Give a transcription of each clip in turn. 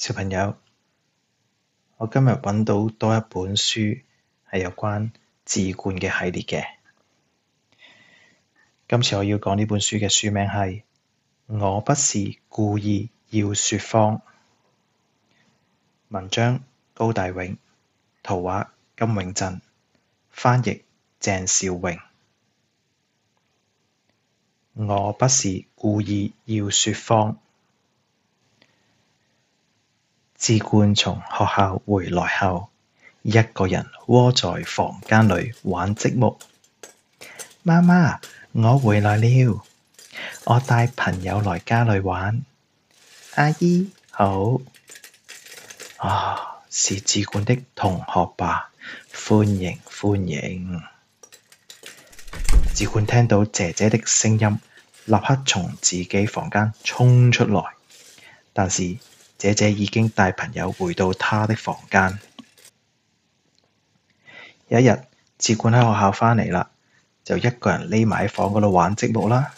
小朋友，我今日揾到多一本書係有關智冠嘅系列嘅。今次我要講呢本書嘅書名係《我不是故意要説謊》。文章高大永，圖畫金永鎮，翻譯鄭筱穎。我不是故意要説謊。智冠從學校回來後，一個人窩在房間裏玩積木。媽媽，我回來了，我帶朋友來家裏玩。阿姨，好。啊，是智冠的同學吧？歡迎歡迎。智冠聽到姐姐的聲音，立刻從自己房間衝出來，但是。姐姐已經帶朋友回到她的房間。有一日，智冠喺學校返嚟喇，就一個人匿埋喺房嗰度玩積木啦。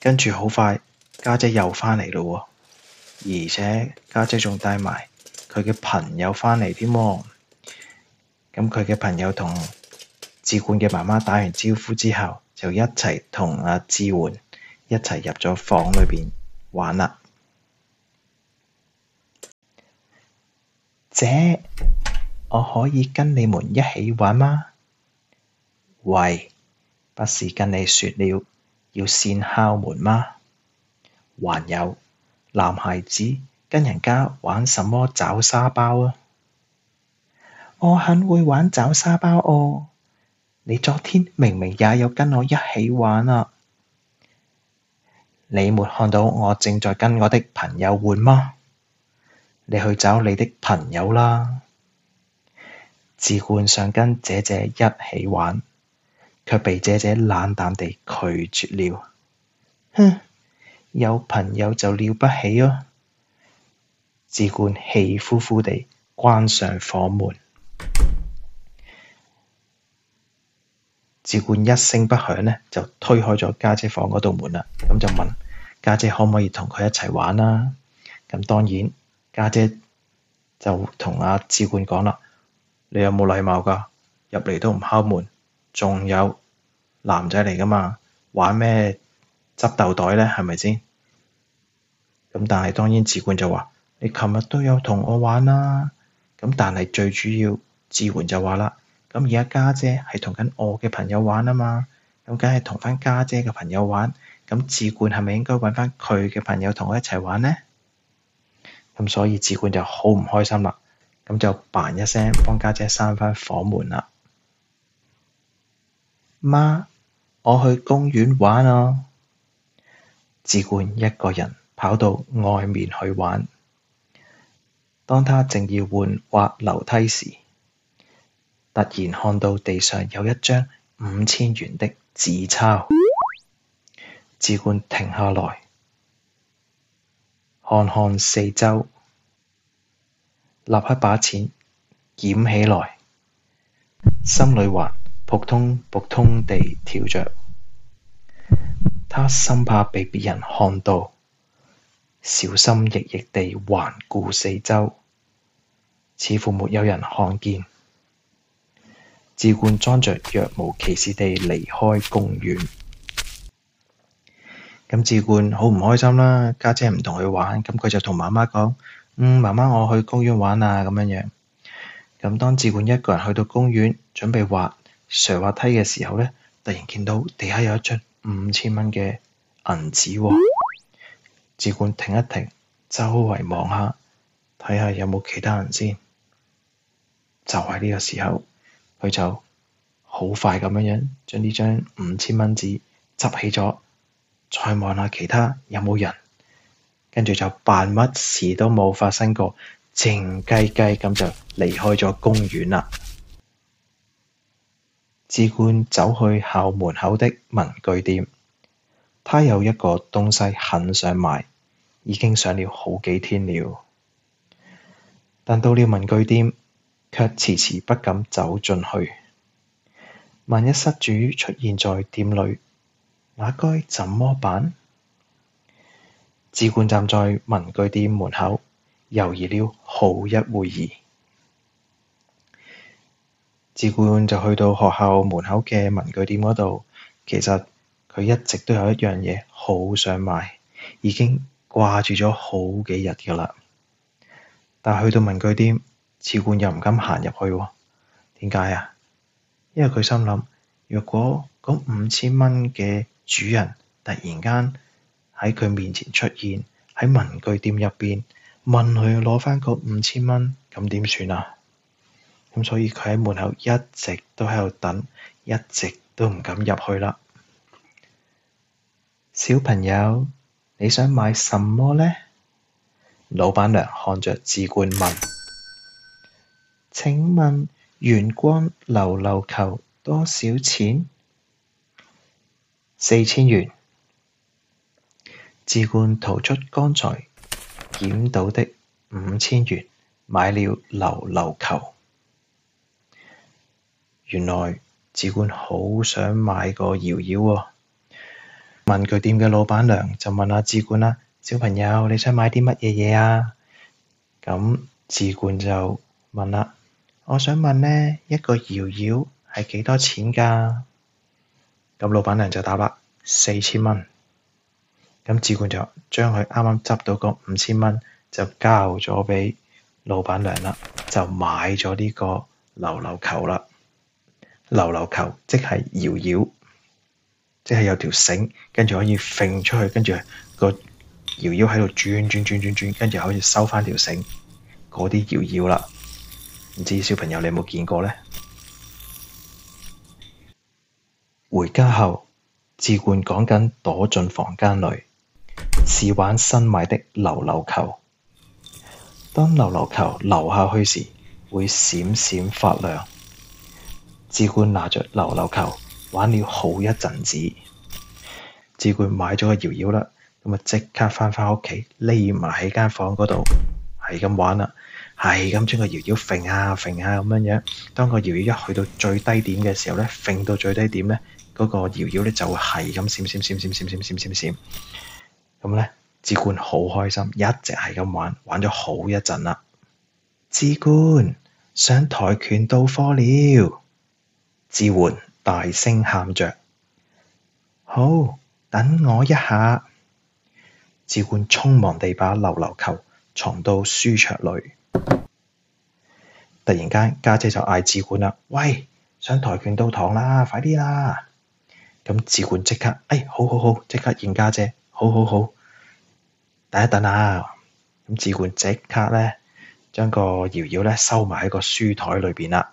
跟住好快，家姐又返嚟啦，而且家姐仲帶埋佢嘅朋友返嚟添喎。咁佢嘅朋友同智冠嘅媽媽打完招呼之後，就一齊同阿智媛一齊入咗房裏邊玩喇。姐，我可以跟你們一起玩嗎？喂，不是跟你說了要先敲門嗎？還有，男孩子跟人家玩什麼找沙包啊？我很會玩找沙包哦。你昨天明明也有跟我一起玩啊。你沒看到我正在跟我的朋友玩嗎？你去找你的朋友啦！智冠想跟姐姐一起玩，卻被姐姐冷淡地拒絕了。哼，有朋友就了不起哦！智冠氣呼呼地關上房門。智冠一聲不響呢，就推開咗家姐，姐房嗰度門啦。咁就問家姐，姐可唔可以同佢一齊玩啦。咁當然。家姐就同阿志冠講啦：你有冇禮貌噶？入嚟都唔敲門，仲有男仔嚟噶嘛？玩咩執豆袋咧？係咪先？咁但係當然，志冠就話：你琴日都有同我玩啦。咁但係最主要，志媛就話啦：咁而家家姐係同緊我嘅朋友玩啊嘛，咁梗係同翻家姐嘅朋友玩。咁志冠係咪應該揾翻佢嘅朋友同我一齊玩呢？咁所以智冠就好唔開心啦，咁就扮一聲幫家姐閂翻房門啦。媽，我去公園玩啊！智冠一個人跑到外面去玩。當他正要換滑樓梯時，突然看到地上有一張五千元的紙鈔，智冠停下來，看看四周，立刻把錢撿起來，心裏還撲通撲通地跳着。他生怕被別人看到，小心翼翼地環顧四周，似乎沒有人看見，智冠裝着若無其事地離開公園。咁智冠好唔開心啦，家姐唔同佢玩，咁佢就同媽媽講：嗯，媽媽，我去公園玩啊，咁樣樣。咁當智冠一個人去到公園準備滑斜滑梯嘅時候咧，突然見到地下有一張五千蚊嘅銀紙，智 冠停一停，周圍望下，睇下有冇其他人先。就喺呢個時候，佢就好快咁樣樣將呢張五千蚊紙執起咗。再望下其他有冇人，跟住就扮乜事都冇發生過，靜雞雞咁就離開咗公園啦。智冠 走去校門口的文具店，他有一個東西很想買，已經想了好幾天了。但到了文具店，卻遲遲不敢走進去。萬一失主出現在店裏。那該怎麼辦？智冠站在文具店門口，猶豫了好一會兒。智冠就去到學校門口嘅文具店嗰度。其實佢一直都有一樣嘢好想買，已經掛住咗好幾日㗎喇。但去到文具店，智冠又唔敢行入去。點解啊？因為佢心諗，如果嗰五千蚊嘅主人突然間喺佢面前出現，喺文具店入邊問佢攞返嗰五千蚊，咁點算啊？咁所以佢喺門口一直都喺度等，一直都唔敢入去啦。 小朋友，你想買什麼呢？老闆娘看着智冠問：， 請問圓光溜溜球多少錢？四千元，智冠掏出剛才撿到的五千元，買了溜溜球。原來智冠好想買個搖搖喎。文具店嘅老闆娘就問下、啊、智冠啦、啊：，小朋友，你想買啲乜嘢嘢啊？咁智冠就問啦、啊：，我想問呢一個搖搖係幾多錢噶？咁老闆娘就答啦，四千蚊。咁智冠就將佢啱啱執到嗰五千蚊就交咗畀老闆娘啦，就買咗呢個溜溜球啦。溜溜球即係搖搖，即係有條繩，跟住可以揈出去，跟住個搖搖喺度轉轉轉轉轉，跟住可以收返條繩，嗰啲搖搖啦。唔知小朋友你有冇見過咧？回家後，智冠趕緊躲進房間裏，試玩新買的溜溜球。當溜溜球溜下去時，會閃閃發亮。智冠拿着溜溜球玩了好一陣子。智冠買咗個搖搖啦，咁啊即刻返返屋企，匿埋喺間房嗰度，係咁玩啦，係咁將個搖搖揈下揈下咁樣樣。當個搖搖一去到最低點嘅時候咧，揈到最低點咧。嗰個搖搖呢，就會係咁閃閃閃閃閃閃閃閃閃，咁咧智冠好開心，一直係咁玩玩咗好一陣啦。智冠上跆拳道課了，智媛大聲喊着：，好，等我一下。智冠匆忙地把溜溜球藏到書桌裏。突然間，家姐就嗌智冠啦：，喂，上跆拳道堂啦，快啲啦！咁智冠即刻，哎，好好好，即刻現家姐，好好好，等一等啊！咁智冠即刻咧，將個搖搖咧收埋喺個書枱裏邊啦。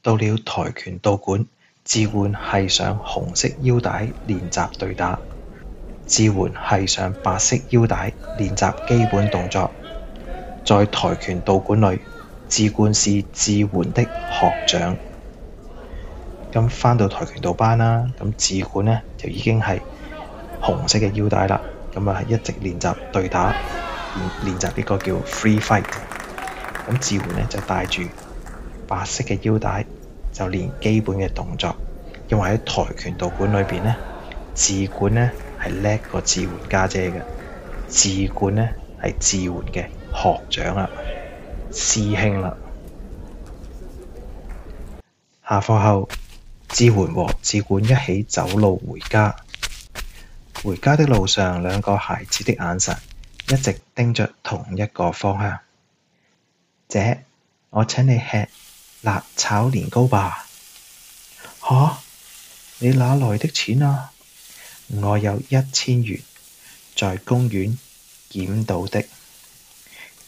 到了跆拳道館，智冠繫上紅色腰帶練習對打，智媛繫上白色腰帶練習基本動作。在跆拳道館裏，智冠是智媛的學長。咁返到跆拳道班啦，咁智冠呢，就已經係紅色嘅腰帶啦，咁啊一直練習對打，練習呢個叫 free fight。咁智媛呢，就戴住白色嘅腰帶，就練基本嘅動作。因為喺跆拳道館裏邊呢，智冠呢係叻過智媛家姐嘅，智冠呢係智媛嘅學長啦，師兄啦。下課後。智媛和智冠一起走路回家。回家的路上，兩個孩子的眼神一直盯着同一個方向。姐，我請你吃辣炒年糕吧。哈、啊，你哪來的錢啊？我有一千元，在公園撿到的。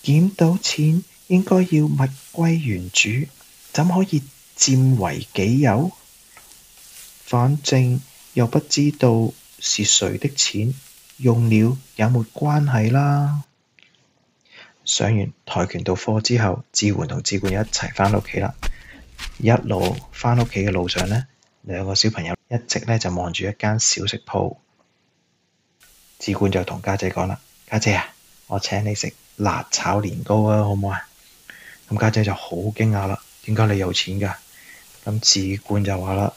撿到錢應該要物歸原主，怎可以占為己有？反正又不知道是誰的錢，用了也沒關係啦。上完跆拳道課之後，智媛同智冠一齊翻屋企啦。一路翻屋企嘅路上呢，兩個小朋友一直呢就望住一間小食鋪。智冠就同家姐講啦：「家姐啊，我請你食辣炒年糕啊，好唔好啊？咁家姐，姐就好驚訝啦，點解你有錢㗎？咁智冠就話啦。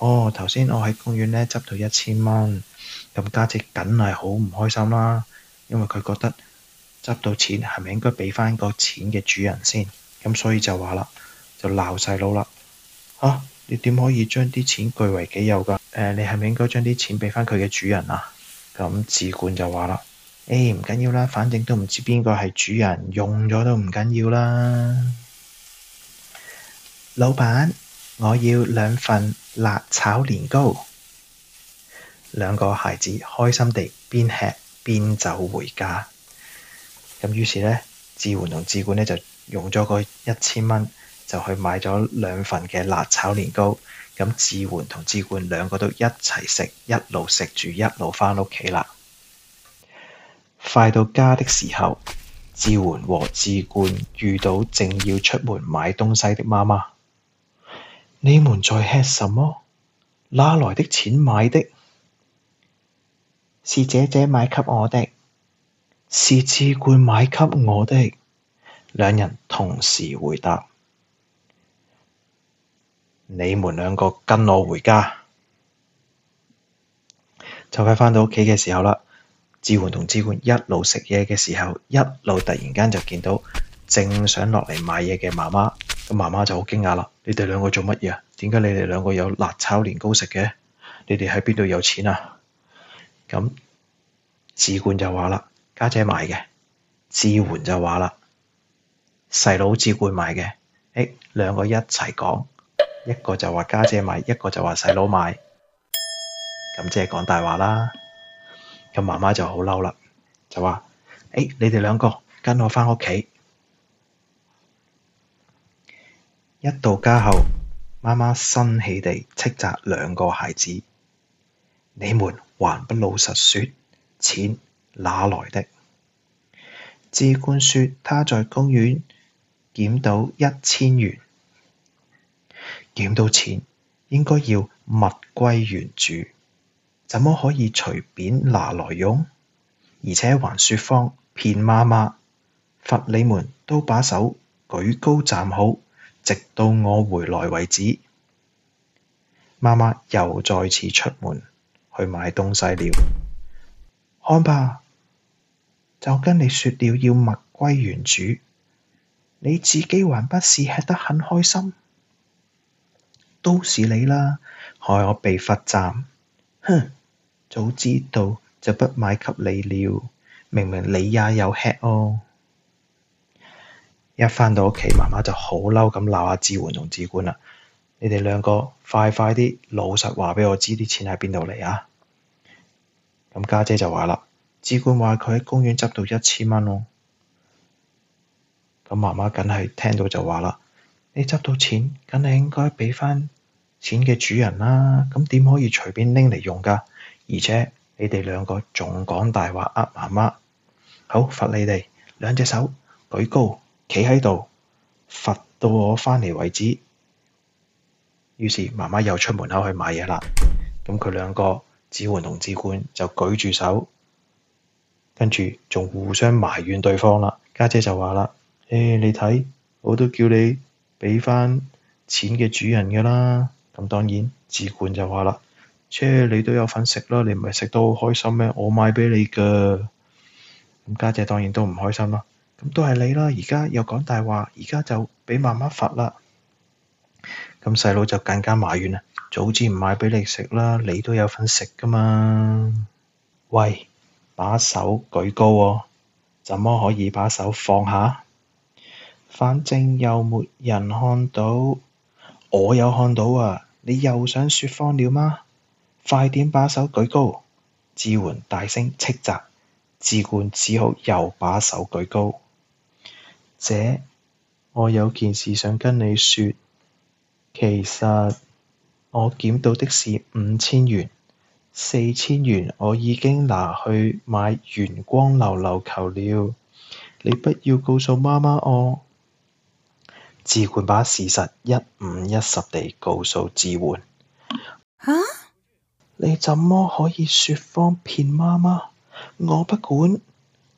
哦，頭先我喺公園呢執到一千蚊，咁家姐梗係好唔開心啦，因為佢覺得執到錢係咪應該俾翻個錢嘅主人先？咁所以就話啦，就鬧細佬啦嚇！你點可以將啲錢據為己有㗎？誒、呃，你係咪應該將啲錢俾翻佢嘅主人啊？咁智冠就話啦，誒唔緊要啦，反正都唔知邊個係主人，用咗都唔緊要啦，老闆。我要兩份辣炒年糕。兩個孩子開心地邊吃邊走回家。咁於是呢，智媛同智冠呢就用咗個一千蚊，就去買咗兩份嘅辣炒年糕。咁智媛同智冠兩個都一齊食，一路食住一路返屋企喇。快到家的時候，智媛和智冠遇到正要出門買東西的媽媽。你們在吃什麼？哪來的錢買的？是姐姐買給我的，是智冠買給我的。兩人同時回答。你們兩個跟我回家。就快返到屋企嘅時候啦，智媛同智冠一路食嘢嘅時候，一路突然間就見到正想落嚟買嘢嘅媽媽。咁媽媽就好驚訝啦！你哋兩個做乜嘢啊？點解你哋兩個有辣炒年糕食嘅？你哋喺邊度有錢啊？咁智冠就話啦，家姐買嘅；智媛就話啦，細佬智冠買嘅。誒、哎，兩個一齊講，一個就話家姐買，一個就話細佬買。咁即係講大話啦！咁媽媽就好嬲啦，就話：誒、哎，你哋兩個跟我返屋企。一到家後，媽媽生氣地斥責兩個孩子：你們還不老實說錢哪來的？智冠說他在公園撿到一千元，撿到錢應該要物歸原主，怎麼可以隨便拿來用？而且還說謊騙媽媽，罰你們都把手舉高站好。直到我回來為止，媽媽又再次出門去買東西了。看吧，就跟你說了要物歸原主，你自己還不是吃得很開心？都是你啦，害我被罰站。哼，早知道就不買給你了。明明你也有吃哦。一返到屋企，媽媽就好嬲咁鬧阿智媛同智冠啦。你哋兩個快快啲老實話畀我知啲錢喺邊度嚟啊！咁家姐就話啦，智冠話佢喺公園執到一千蚊囉。咁媽媽梗係聽到就話啦：，你執到錢，梗係應該畀翻錢嘅主人啦。咁點可以隨便拎嚟用噶？而且你哋兩個仲講大話呃媽媽。好，罰你哋兩隻手舉高。企喺度，罰到我返嚟為止。於是媽媽又出門口去買嘢啦。咁佢兩個智媛同智冠就舉住手，跟住仲互相埋怨對方啦。家姐，姐就話啦：，誒、欸，你睇，我都叫你俾翻錢嘅主人噶啦。咁當然，智冠就話啦：，即你都有份食啦，你唔係食到好開心咩？我買俾你噶。咁家姐，姐當然都唔開心啦。咁都係你啦！而家又講大話，而家就畀媽媽罰啦。咁細佬就更加埋怨啦。早知唔買畀你食啦，你都有份食噶嘛？喂，把手舉高哦，怎麼可以把手放下？反正又沒人看到，我有看到啊！你又想說謊了嗎？快點把手舉高！智媛大聲斥責，智冠只好又把手舉高。姐，我有件事想跟你說，其實我撿到的是五千元，四千元我已經拿去買玄光溜溜球了，你不要告訴媽媽哦。智冠把事實一五一十地告訴智媛。吓、啊？你怎麼可以說謊騙媽媽？我不管，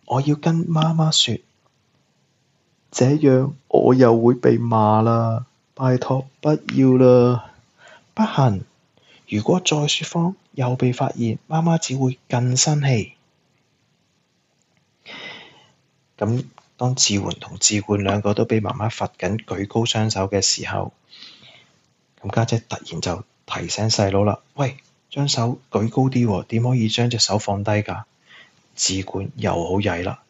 我要跟媽媽說。這樣我又會被罵啦！拜託不要啦！不行，如果再説謊，又被發現，媽媽只會更生氣。咁當智媛同智冠兩個都俾媽媽罰緊，舉高雙手嘅時候，咁家姐，姐突然就提醒細佬啦，喂，將手舉高啲喎，哦，點可以將隻手放低噶？智冠又好曳啦，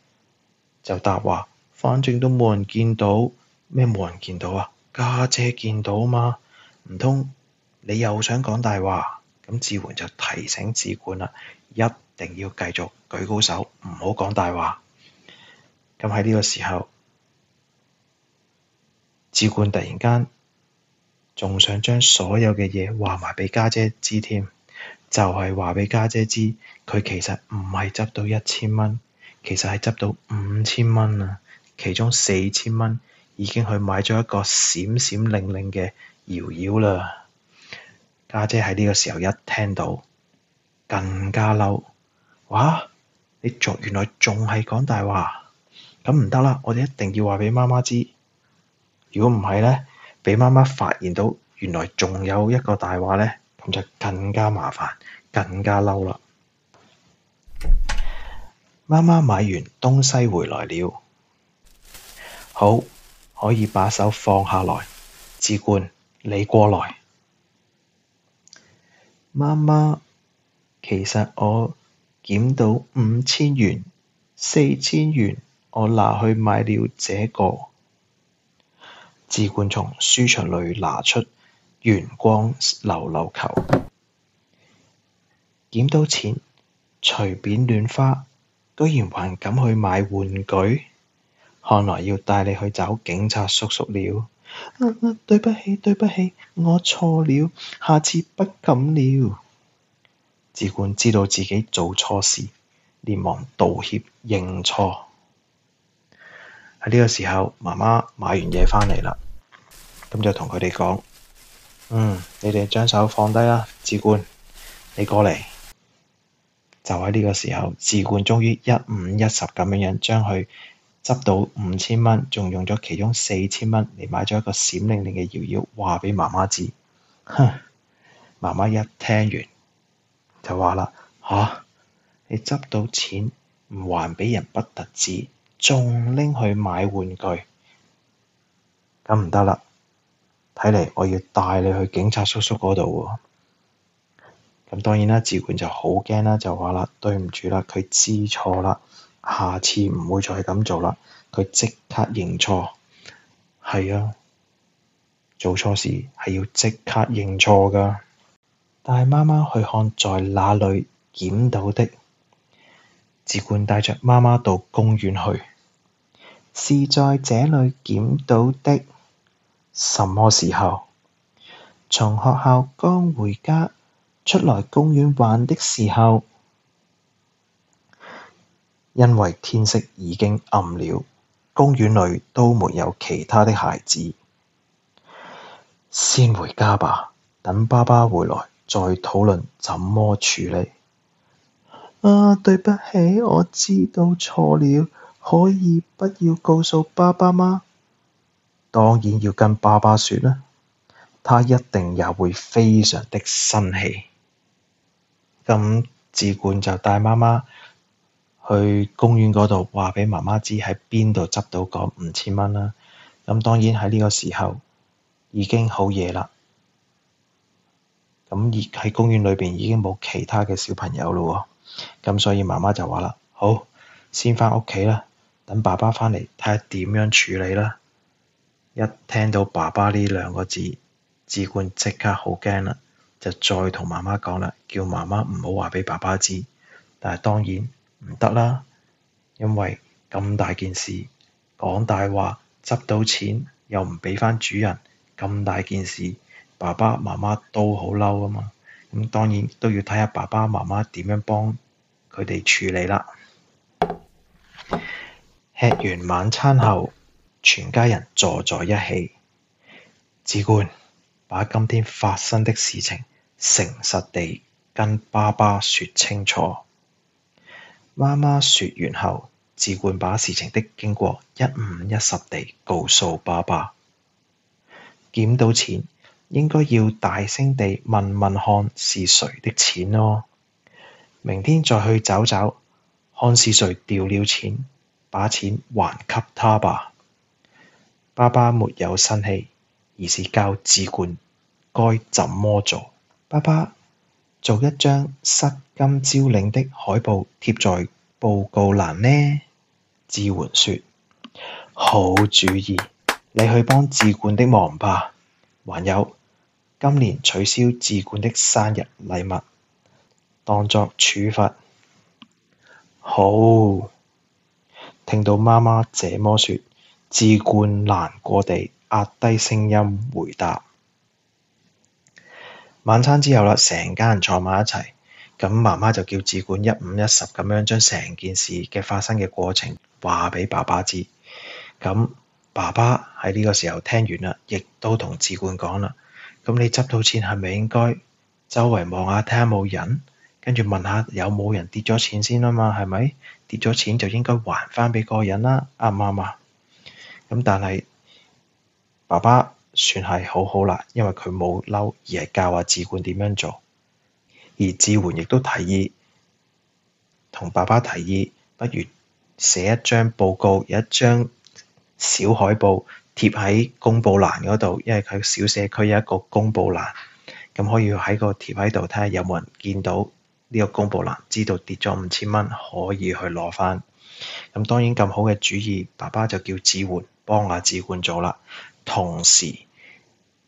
就答話。反正都冇人見到咩？冇人見到啊！家姐見到啊嘛？唔通你又想講大話咁？智媛就提醒智冠啦，一定要繼續舉高手，唔好講大話。咁喺呢個時候，智冠突然間仲想將所有嘅嘢話埋俾家姐知添，就係話俾家姐知佢其實唔係執到一千蚊，其實係執到五千蚊啊！其中四千蚊已經去買咗一個閃閃令令嘅搖搖啦。家姐喺呢個時候一聽到，更加嬲。哇！你仲原來仲係講大話，咁唔得啦，我哋一定要話俾媽媽知。如果唔係呢，俾媽媽發現到原來仲有一個大話呢，咁就更加麻煩，更加嬲啦。媽媽買完東西回來了。好，可以把手放下來。智冠，你過來。媽媽，其實我撿到五千元，四千元，我拿去買了這個。智冠從書場裏拿出圓光溜溜球，撿到錢隨便亂花，居然還敢去買玩具？看來要帶你去找警察叔叔了，啊啊。對不起，對不起，我錯了，下次不敢了。智冠知道自己做錯事，連忙道歉認錯。喺呢個時候，媽媽買完嘢返嚟啦，咁就同佢哋講：，嗯，你哋將手放低啦。智冠，你過嚟。就喺呢個時候，智冠終於一五一十咁樣樣將佢。執到五千蚊，仲用咗其中四千蚊嚟買咗一個閃靈靈嘅搖搖，話俾媽媽知。哼，媽媽一聽完就話啦：，吓、啊，你執到錢唔還俾人不得止，仲拎去買玩具，咁唔得啦！睇嚟我要帶你去警察叔叔嗰度喎。咁當然啦，智冠就好驚啦，就話啦：，對唔住啦，佢知錯啦。下次唔會再咁做啦。佢即刻認錯，係啊，做錯事係要即刻認錯㗎。帶媽媽去看在哪裏撿到的。智冠帶着媽媽到公園去。是在這裏撿到的。什麼時候？從學校剛回家出來公園玩的時候。因為天色已經暗了，公園裏都沒有其他的孩子，先回家吧，等爸爸回來再討論怎麼處理。啊，對不起，我知道錯了，可以不要告訴爸爸嗎？當然要跟爸爸說啦，他一定也會非常的生氣。咁智冠就帶媽媽。去公園嗰度話俾媽媽知喺邊度執到嗰五千蚊啦。咁當然喺呢個時候已經好夜啦，咁而喺公園裏邊已經冇其他嘅小朋友咯。咁所以媽媽就話啦：「好，先翻屋企啦，等爸爸翻嚟睇下點樣處理啦。」一聽到爸爸呢兩個字，智冠即刻好驚啦，就再同媽媽講啦，叫媽媽唔好話俾爸爸知。但係當然。唔得啦，因為咁大件事，講大話執到錢又唔畀返主人，咁大件事爸爸媽媽都好嬲啊嘛，咁、嗯、當然都要睇下爸爸媽媽點樣幫佢哋處理啦。吃完晚餐後，全家人坐在一起，智冠把今天發生的事情誠實地跟爸爸說清楚。媽媽説完後，智冠把事情的經過一五一十地告訴爸爸。撿到錢應該要大聲地問問看是誰的錢咯。明天再去找找，看是誰掉了錢，把錢還給他吧。爸爸沒有生氣，而是教智冠該怎麼做。爸爸。做一張失金招領的海報貼在報告欄呢？智媛說：好主意，你去幫智冠的忙吧。還有，今年取消智冠的生日禮物，當作處罰。好，聽到媽媽這麼說，智冠難過地壓低聲音回答。晚餐之後啦，成家人坐埋一齊，咁媽媽就叫智冠一五一十咁樣將成件事嘅發生嘅過程話俾爸爸知。咁爸爸喺呢個時候聽完啦，亦都同智冠講啦。咁你執到錢係咪應該周圍望下，睇下冇人，跟住問下有冇人跌咗錢先啊？嘛係咪跌咗錢就應該還翻俾嗰個人啦？啱唔啱啊？咁但係爸爸。算係好好啦，因為佢冇嬲，而係教阿智冠點樣做。而智媛亦都提議同爸爸提議，不如寫一張報告，有一張小海報貼喺公布欄嗰度，因為佢小社區有一個公布欄，咁可以喺個貼喺度，睇下有冇人見到呢個公布欄，知道跌咗五千蚊，可以去攞翻。咁當然咁好嘅主意，爸爸就叫智媛幫阿智冠做啦。同時，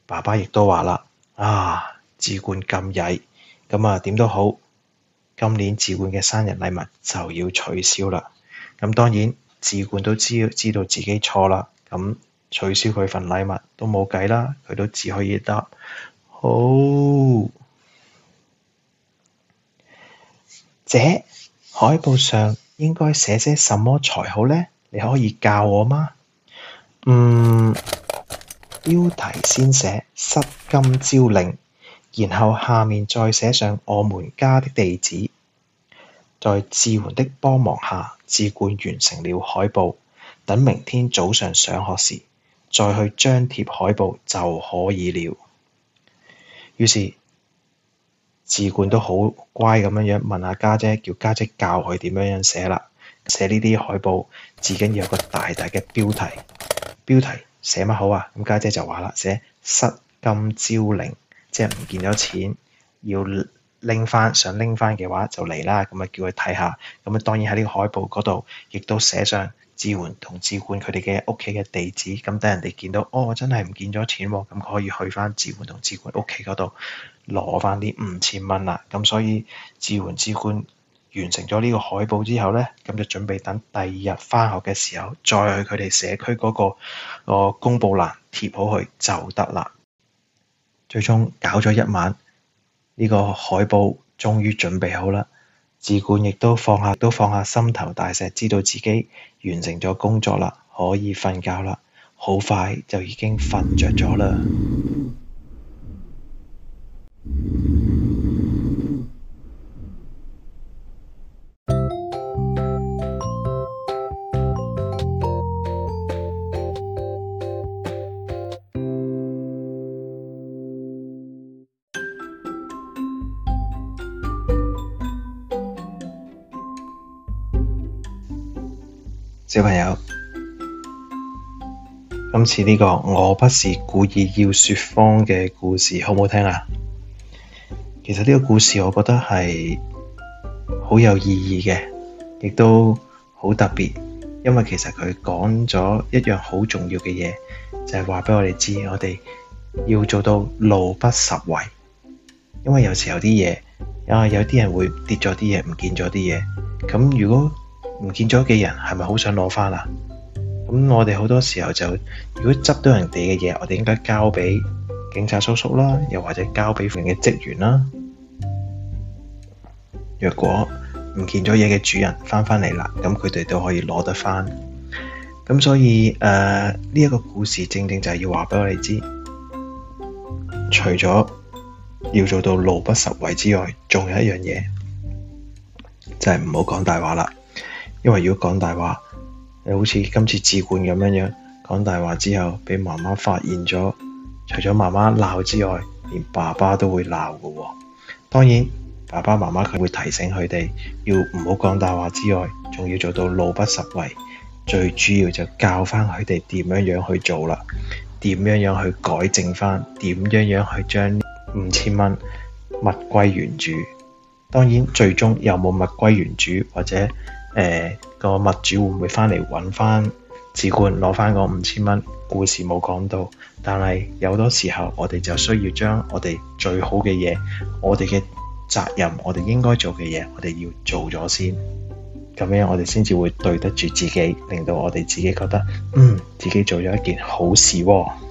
爸爸亦都話啦，智、啊、冠咁曳，咁啊點都好，今年智冠嘅生日禮物就要取消啦。咁、啊、當然，智冠都知知道自己錯啦，咁、啊、取消佢份禮物都冇計啦，佢都只可以得好。姐，海報上應該寫些什麼才好呢？你可以教我嗎？嗯。標題先寫失金招領」，然後下面再寫上我們家的地址。在智媛的幫忙下，智冠完成了海報。等明天早上上學時，再去張貼海報就可以了。於是，智冠都好乖咁樣樣，問下家姐，姐，叫家姐，姐教佢點樣樣寫啦。寫呢啲海報，最緊要有個大大嘅標題。標題。寫乜好啊？咁家姐就話啦，寫失金招領，即係唔見咗錢要拎翻，想拎翻嘅話就嚟啦。咁咪叫佢睇下。咁啊，當然喺呢個海報嗰度，亦都寫上智媛同智冠佢哋嘅屋企嘅地址。咁等人哋見到哦，真係唔見咗錢，咁佢可以去翻智媛同智冠屋企嗰度攞翻啲五千蚊啦。咁所以智媛智冠。完成咗呢個海報之後呢，咁就準備等第二日返學嘅時候，再去佢哋社區嗰個個公佈欄貼好去就得啦。最終搞咗一晚，呢個海報終於準備好啦。智冠亦都放下都放下心頭大石，知道自己完成咗工作啦，可以瞓覺啦。好快就已經瞓着咗啦。好似呢個我不是故意要說謊嘅故事，好唔好聽啊？其實呢個故事我覺得係好有意義嘅，亦都好特別，因為其實佢講咗一樣好重要嘅嘢，就係話俾我哋知，我哋要做到路不拾遺，因為有時候啲嘢啊，有啲人會跌咗啲嘢，唔見咗啲嘢，咁如果唔見咗嘅人是是，係咪好想攞返啊？咁我哋好多時候就，如果執到人哋嘅嘢，我哋應該交俾警察叔叔啦，又或者交俾佢哋嘅職員啦。若果唔見咗嘢嘅主人翻返嚟啦，咁佢哋都可以攞得翻。咁所以誒，呢一個故事正正就係要話俾我哋知，除咗要做到路不拾遺之外，仲有一樣嘢，就係唔好講大話啦。因為如果講大話，你好似今次智冠咁樣樣講大話之後，俾媽媽發現咗，除咗媽媽鬧之外，連爸爸都會鬧噶、哦。當然，爸爸媽媽佢會提醒佢哋要唔好講大話之外，仲要做到路不拾遺。最主要就教翻佢哋點樣樣去做啦，點樣樣去改正翻，點樣樣去將五千蚊物歸原主。當然，最終有冇物歸原主或者誒？呃個物主會唔會翻嚟揾翻智冠攞翻嗰五千蚊？故事冇講到，但係有多時候我哋就需要將我哋最好嘅嘢，我哋嘅責任，我哋應該做嘅嘢，我哋要做咗先，咁樣我哋先至會對得住自己，令到我哋自己覺得，嗯，自己做咗一件好事喎。